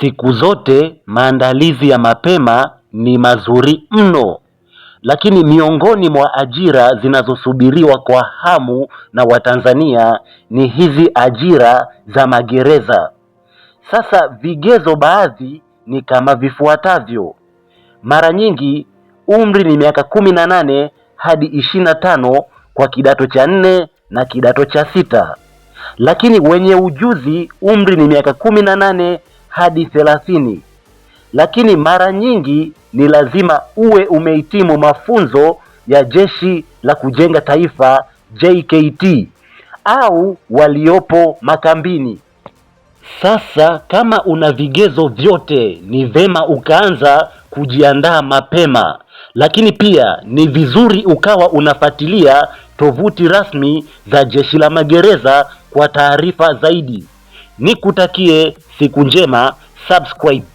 Siku zote maandalizi ya mapema ni mazuri mno, lakini miongoni mwa ajira zinazosubiriwa kwa hamu na Watanzania ni hizi ajira za magereza. Sasa vigezo baadhi ni kama vifuatavyo. Mara nyingi umri ni miaka kumi na nane hadi ishirini na tano kwa kidato cha nne na kidato cha sita, lakini wenye ujuzi umri ni miaka kumi na nane hadi thelathini, lakini mara nyingi ni lazima uwe umehitimu mafunzo ya Jeshi la Kujenga Taifa JKT au waliopo makambini. Sasa kama una vigezo vyote, ni vema ukaanza kujiandaa mapema, lakini pia ni vizuri ukawa unafuatilia tovuti rasmi za Jeshi la Magereza kwa taarifa zaidi. Nikutakie siku njema. Subscribe.